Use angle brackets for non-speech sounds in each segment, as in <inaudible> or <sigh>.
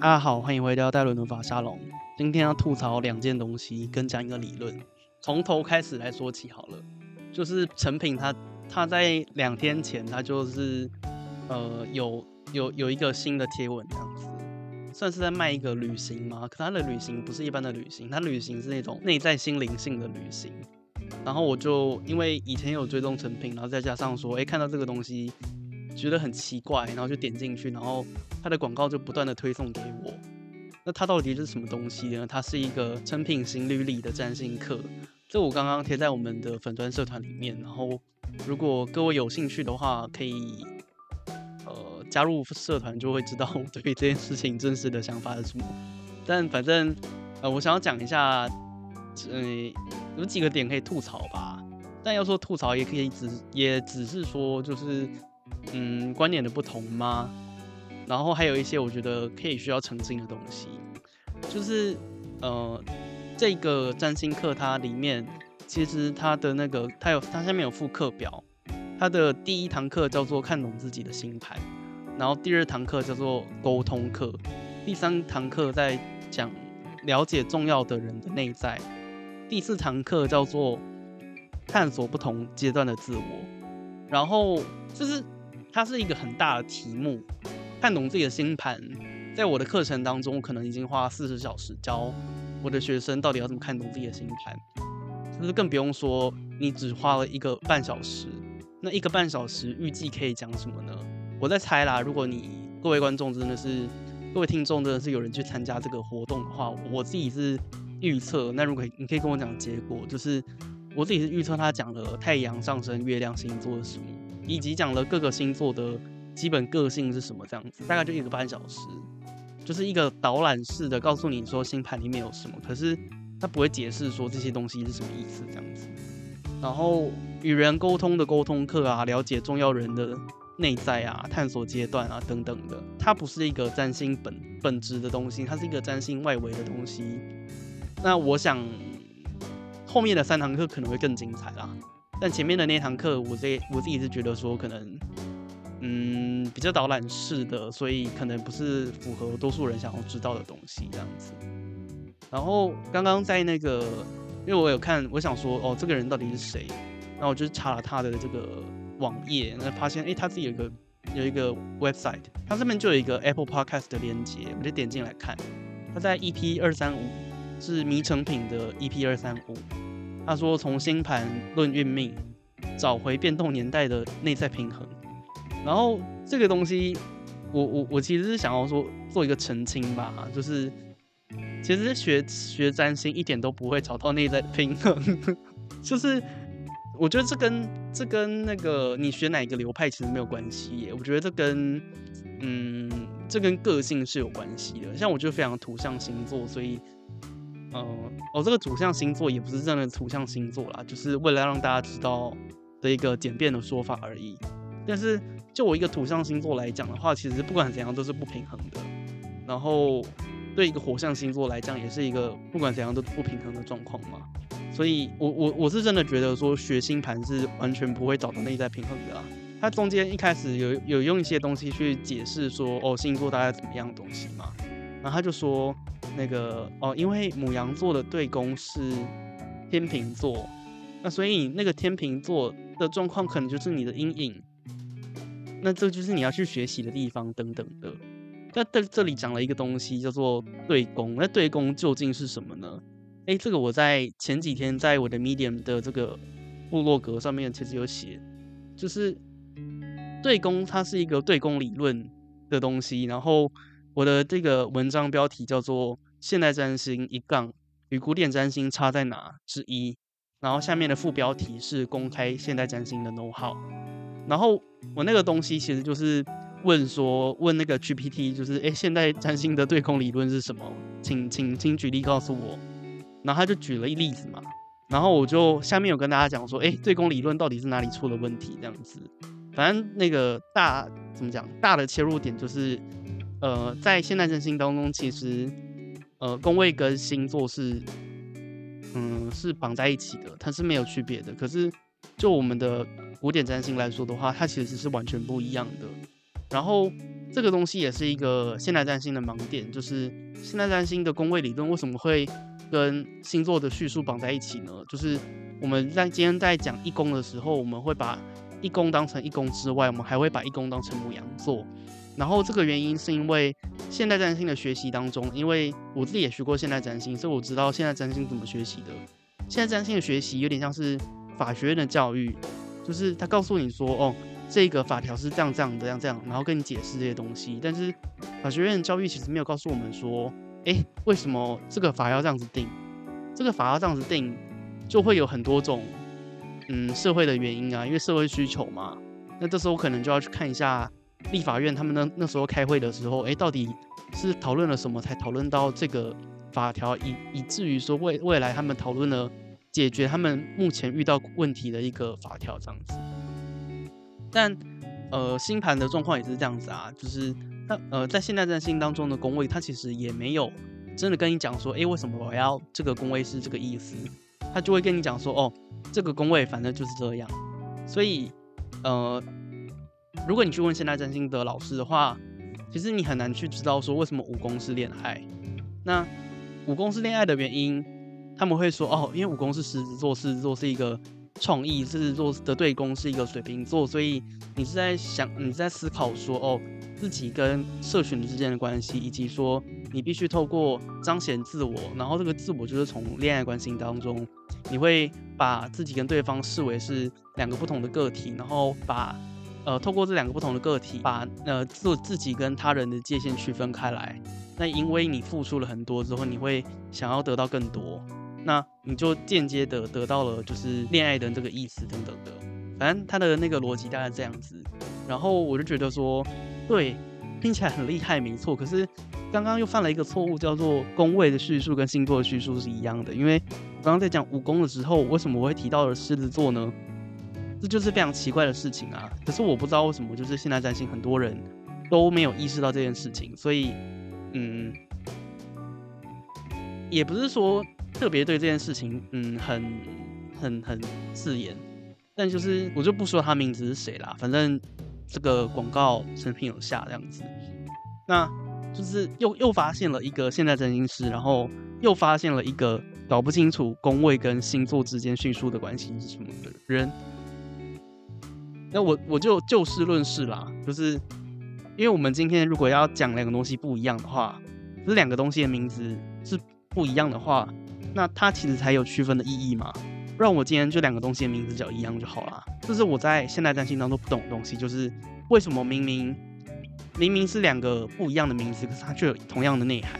大家好，歡迎回到戴倫的法沙龍。今天要吐槽兩件東西，跟講一個理論。從頭開始來說起好了，就是成品它它在兩天前它就是呃有有有一個新的貼文這樣子，算是在賣一個旅行嘛。可它的旅行不是一般的旅行，它旅行是那種內在心靈性的旅行。然後我就因為以前有追蹤成品，然後再加上說，哎、欸，看到這個東西。覺得很奇怪，然後就點進去，然後他的廣告就不斷的推送給我。那他到底是什麼東西呢？他是一個成品情侶裡的占星課，這我剛剛貼在我們的粉專社团裡面。然後如果各位有興趣的話，可以呃加入社团就會知道我對這件事情真實的想法是什麼。但反正呃我想要講一下，嗯、呃、有幾個點可以吐槽吧。但要說吐槽，也可以只也只是說就是。嗯，觀點的不同嗎？然後還有一些我覺得可以需要澄清的東西，就是呃，這個占星課它裡面其實它的那個它有它下面有附課表，它的第一堂課叫做看懂自己的星盤，然後第二堂課叫做溝通課，第三堂課在講了解重要的人的內在，第四堂課叫做探索不同階段的自我，然後就是。它是一個很大的題目，看懂自己的星盤，在我的課程當中，我可能已經花四十小時教我的學生到底要怎麼看懂自己的星盤，就是更不用說你只花了一個半小時，那一個半小時預計可以講什麼呢？我在猜啦。如果你各位觀眾真的是，各位聽眾真的是有人去參加這個活動的話，我自己是預測，那如果你可以跟我講結果，就是我自己是預測他講的太陽上升、月亮星座的什麼。以及講了各個星座的基本個性是什麼這樣子，大概就一個半小時，就是一個導覽式的，告訴你說星盤裡面有什麼，可是他不會解釋說這些東西是什麼意思這樣子。然後與人溝通的溝通課啊，了解重要人的內在啊，探索階段啊等等的，它不是一個占星本本質的東西，它是一個占星外圍的東西。那我想後面的三堂課可能會更精彩啦。但前面的那堂課，我自己我自己是覺得說，可能，嗯，比較導覽式的，所以可能不是符合多數人想要知道的東西這樣子。然後剛剛在那個，因為我有看，我想說，哦，這個人到底是誰？然後我就查了他的這個網頁，然後發現，誒、欸，他自己有一個有一個 website，他這邊就有一個 Apple Podcast 的鏈接，我就點進來看，他在 EP 二三五，是迷成品的 EP 二三五。他說：“從星盤論運命，找回變動年代的內在平衡。”然後這個東西，我我我其實是想要說做，做一個澄清吧，就是其實學學占星一點都不會找到內在平衡， <laughs> 就是我覺得這跟這跟那個你學哪個流派其實沒有關係耶，我覺得這跟嗯這跟個性是有關係的。像我就非常土象星座，所以。嗯、呃，哦，這個土象星座也不是真的土象星座啦，就是為了讓大家知道的一個簡便的說法而已。但是就我一個土象星座來講的話，其實不管怎樣都是不平衡的。然後對一個火象星座來講，也是一個不管怎樣都不平衡的狀況嘛。所以，我我我是真的覺得說，學星盤是完全不會找到內在平衡的啦。他中間一開始有有用一些東西去解釋說，哦，星座大概怎麼樣的東西嘛，然後他就說。那個哦，因為牡羊座的對宮是天秤座，那所以那個天秤座的狀況可能就是你的陰影，那這就是你要去學習的地方等等的。那在這裡講了一個東西叫做對宮，那對宮究竟是什麼呢？哎、欸，這個我在前幾天在我的 Medium 的這個部落格上面其實有寫，就是對宮它是一個對宮理論的東西，然後我的這個文章標題叫做。現代占星一槓與古典占星差在哪之一？然後下面的副標題是公開現代占星的 know-how。然後我那個東西其實就是問說，問那個 GPT 就是，誒、欸，現代占星的對宮理論是什麼？請，請，請舉例告訴我。然後他就舉了一例子嘛。然後我就下面有跟大家講說，誒、欸，對宮理論到底是哪裡出了問題？這樣子，反正那個大怎麼講，大的切入點就是，呃，在現代占星當中，其實。呃，宮位跟星座是，嗯，是綁在一起的，它是沒有區別的。可是，就我們的古典占星來說的話，它其實是完全不一樣的。然後，這個東西也是一個現代占星的盲點，就是現代占星的宮位理論為什麼會跟星座的敘述綁在一起呢？就是我們在今天在講一宮的時候，我們會把一宮當成一宮之外，我們還會把一宮當成牡羊座。然後，這個原因是因為。現代占星的學習當中，因為我自己也學過現代占星，所以我知道現代占星怎麼學習的。現代占星的學習有點像是法學院的教育，就是他告訴你說，哦，這個法條是這樣、這樣、這樣、這樣，然後跟你解釋這些東西。但是法學院的教育其實沒有告訴我們說，哎，為什麼這個法要這樣子定？這個法要這樣子定，就會有很多種，嗯，社會的原因啊，因為社會需求嘛。那這時候我可能就要去看一下。立法院，他們那那時候開會的時候，誒，到底是討論了什麼才討論到這個法條，以以至於說未未來他們討論了解決他們目前遇到問題的一個法條這樣子。但呃，星盤的狀況也是這樣子啊，就是那呃在現代占星當中的宮位，他其實也沒有真的跟你講說，誒，為什麼我要這個宮位是這個意思，他就會跟你講說，哦，這個宮位反正就是這樣，所以呃。如果你去問現在占星的老師的話，其實你很難去知道說為什麼五宮是戀愛。那五宮是戀愛的原因，他們會說哦，因為五宮是獅子座，獅子座是一個創意，獅子座的對宮是一個水瓶座，所以你是在想，你是在思考說哦，自己跟社群之間的關係，以及說你必須透過彰顯自我，然後這個自我就是從戀愛關係當中，你會把自己跟對方視為是兩個不同的個體，然後把。呃，透過這兩個不同的個體把，把呃自自己跟他人的界限區分開來。那因為你付出了很多之後，你會想要得到更多，那你就間接的得到了就是戀愛的這個意思等等的。反正他的那個邏輯大概這樣子。然後我就覺得說，對，聽起來很厲害，沒錯。可是剛剛又犯了一個錯誤，叫做宮位的敘述跟星座的敘述是一樣的。因為我剛剛在講五宮的時候，為什麼我會提到了獅子座呢？這就是非常奇怪的事情啊！可是我不知道為什麼，就是現代占星很多人都沒有意識到這件事情，所以，嗯，也不是說特別對這件事情，嗯，很、很、很刺眼，但就是我就不說他名字是誰啦，反正這個廣告成品有下這樣子，那就是又又發現了一個現代占星師，然後又發現了一個搞不清楚宮位跟星座之間迅速的關係是什麼的人。那我我就就事論事啦，就是因為我們今天如果要講兩個東西不一樣的話，這兩個東西的名字是不一樣的話，那它其實才有區分的意義嘛。不然我今天就兩個東西的名字叫一樣就好了。這是我在現在擔心當中不懂的東西，就是為什麼明明明明是兩個不一樣的名字，可是它卻有同樣的內涵，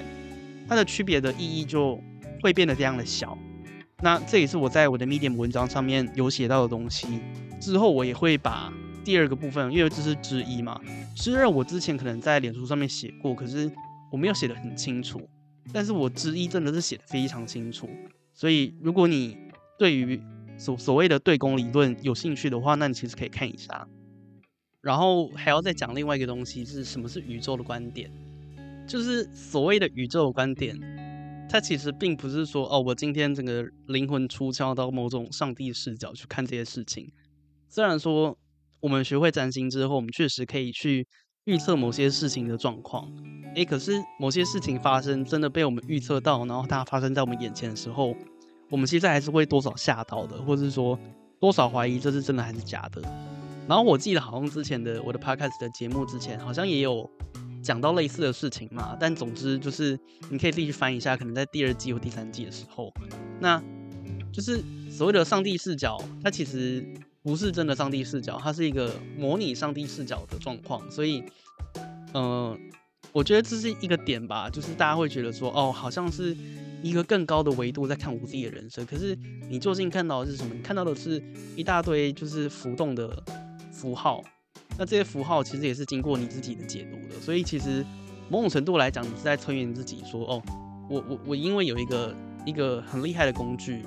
它的區別的意義就會變得這樣的小。那這也是我在我的 Medium 文章上面有寫到的東西，之後我也會把第二個部分，因為這是之一嘛。雖然我之前可能在臉書上面寫過，可是我沒有寫得很清楚。但是我之一真的是寫得非常清楚，所以如果你對於所所謂的對宮理論有興趣的話，那你其實可以看一下。然後還要再講另外一個東西，是什麼是宇宙的觀點？就是所謂的宇宙的觀點。它其實並不是說哦，我今天整個靈魂出竅到某種上帝視角去看這些事情。雖然說我們學會占星之後，我們確實可以去預測某些事情的狀況。誒，可是某些事情發生，真的被我們預測到，然後它發生在我們眼前的時候，我們其實還是會多少嚇到的，或者是說多少懷疑這是真的還是假的。然後我記得好像之前的我的 podcast 的節目之前，好像也有。講到類似的事情嘛，但總之就是你可以自己去翻一下，可能在第二季或第三季的時候，那就是所謂的上帝視角，它其實不是真的上帝視角，它是一個模擬上帝視角的狀況。所以，嗯、呃，我覺得這是一個點吧，就是大家會覺得說，哦，好像是一個更高的維度在看我自己的人生，可是你究竟看到的是什麼？你看到的是一大堆就是浮動的符號。那這些符號其實也是經過你自己的解讀的，所以其實某種程度來講，你是在催眠自己說：“哦，我我我因為有一個一個很厲害的工具，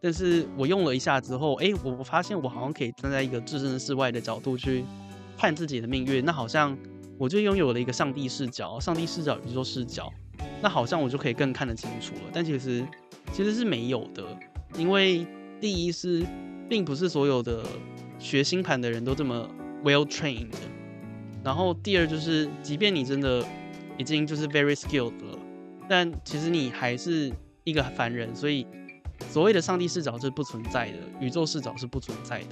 但是我用了一下之後，誒，我發現我好像可以站在一個置身事外的角度去判自己的命運，那好像我就擁有了一個上帝視角，上帝視角宇宙視角，那好像我就可以更看得清楚了。但其實其實是沒有的，因為第一是並不是所有的學星盤的人都這麼。” Well trained 然後第二就是，即便你真的已經就是 very skilled 了，但其實你還是一個凡人，所以所謂的上帝視角是不存在的，宇宙視角是不存在的。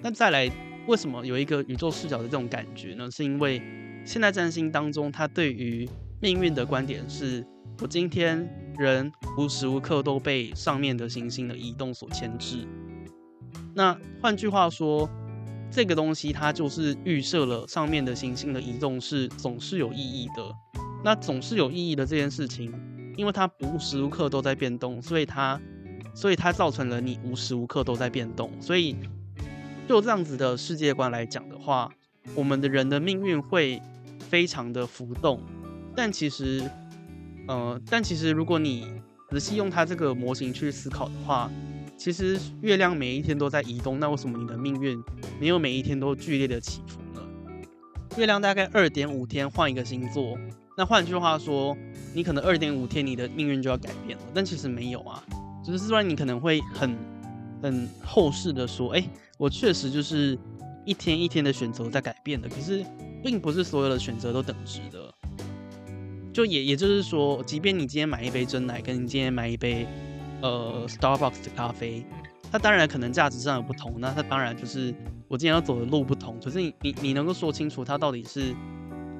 那再來，為什麼有一個宇宙視角的這種感覺呢？是因為現代占星當中，它對於命運的觀點是：我今天人無時無刻都被上面的行星的移動所牽制。那換句話說。這個東西它就是預設了上面的行星的移動是總是有意義的，那總是有意義的這件事情，因為它無時無刻都在變動，所以它，所以它造成了你無時無刻都在變動，所以就這樣子的世界觀來講的話，我們的人的命運會非常的浮動，但其實，呃，但其實如果你仔細用它這個模型去思考的話。其實月亮每一天都在移動，那為什麼你的命運沒有每一天都劇烈的起伏呢？月亮大概二點五天換一個星座，那換句話說，你可能二點五天你的命運就要改變了，但其實沒有啊，只、就是說你可能會很很後視的說，哎，我確實就是一天一天的選擇在改變的，可是並不是所有的選擇都等值的，就也也就是說，即便你今天買一杯珍奶，跟你今天買一杯。呃，Starbucks 的咖啡，它當然可能價值上有不同，那它當然就是我今天要走的路不同。可是你你你能夠說清楚它到底是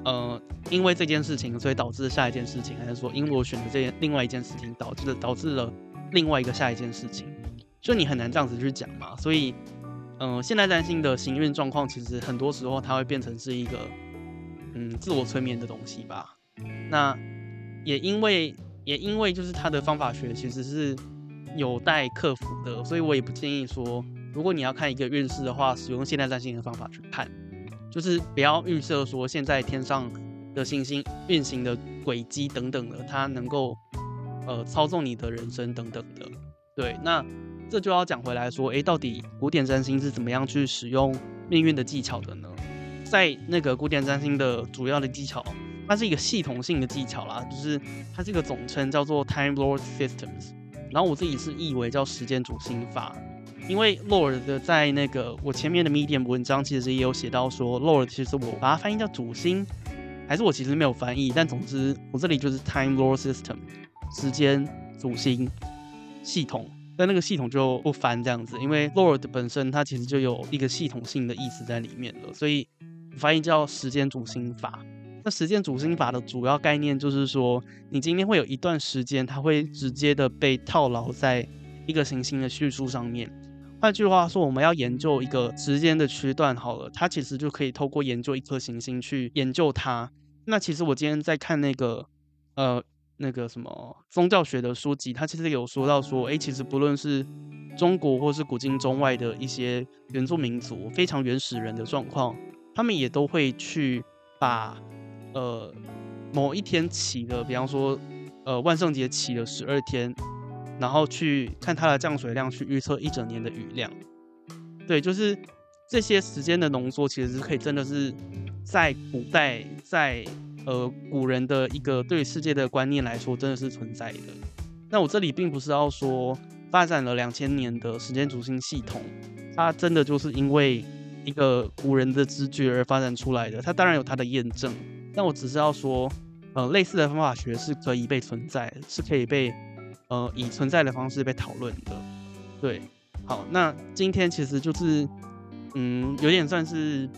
呃因為這件事情所以導致下一件事情，還是說因為我選擇這件另外一件事情導致的導致了另外一個下一件事情？就你很難這樣子去講嘛。所以，嗯、呃，現代占星的行運狀況其實很多時候它會變成是一個嗯自我催眠的東西吧。那也因為也因為就是他的方法學其實是。有待克服的，所以我也不建議說，如果你要看一個運勢的話，使用現代占星的方法去看，就是不要預設說，現在天上的星星，的行星運行的軌跡等等的，它能夠呃操縱你的人生等等的。對，那這就要講回來說，誒，到底古典占星是怎麼樣去使用命運的技巧的呢？在那個古典占星的主要的技巧，它是一個系統性的技巧啦，就是它這個總稱叫做 Time Lord Systems。然後我自己是譯為叫“時間主星法”，因為 Lord 的在那個我前面的 Medium 文章其實也有寫到說，Lord 其實我把它翻譯叫“主星”，還是我其實沒有翻譯，但總之我這裡就是 Time Lord System，時間主星系統。但那個系統就不翻這樣子，因為 Lord 本身它其實就有一個系統性的意思在裡面了，所以我翻譯叫“時間主星法”。那時間主星法的主要概念就是說，你今天會有一段時間，它會直接的被套牢在一個行星的敘述上面。換句話說，我們要研究一個時間的區段好了，它其實就可以透過研究一顆行星去研究它。那其實我今天在看那個，呃，那個什麼宗教學的書籍，它其實有說到說，哎、欸，其實不論是中國或是古今中外的一些原住民族，非常原始人的狀況，他們也都會去把。呃，某一天起的，比方說，呃，萬聖節起的十二天，然後去看它的降水量，去預測一整年的雨量。對，就是這些時間的濃縮，其實是可以，真的是在古代，在呃古人的一個對世界的觀念來說，真的是存在的。那我這裡並不是要說，發展了兩千年的時間主星系統，它真的就是因為一個古人的知覺而發展出來的，它當然有它的驗證。但我只是要說，呃，類似的方法學是可以被存在，是可以被，呃，以存在的方式被討論的。對，好，那今天其實就是，嗯，有點算是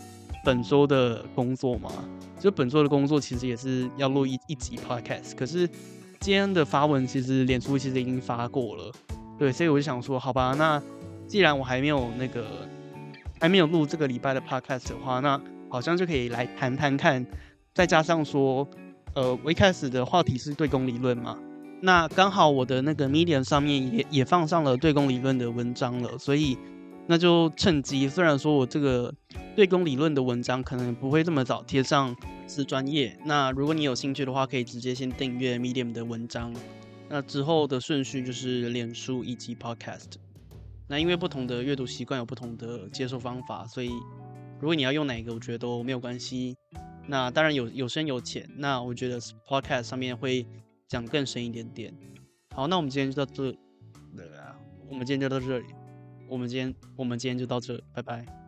本周的工作嘛。就本周的工作其實也是要錄一一集 podcast，可是今天的發文其實臉書其實已經發過了。對，所以我就想說，好吧，那既然我還沒有那個還沒有錄這個禮拜的 podcast 的話，那好像就可以來談談看。再加上說，呃，我一開始的話題是對宮理論嘛，那剛好我的那個 Medium 上面也也放上了對宮理論的文章了，所以那就趁機。雖然說我這個對宮理論的文章可能不會這麼早貼上是專業，那如果你有興趣的話，可以直接先訂閱 Medium 的文章，那之後的順序就是臉書以及 Podcast。那因為不同的閱讀習慣有不同的接受方法，所以如果你要用哪一個，我覺得都沒有關係。那當然有有深有淺，那我覺得 podcast 上面會講更深一點點。好，那我們今天就到這。對啊，我們今天就到這裡。我們今天我們今天就到這裡，拜拜。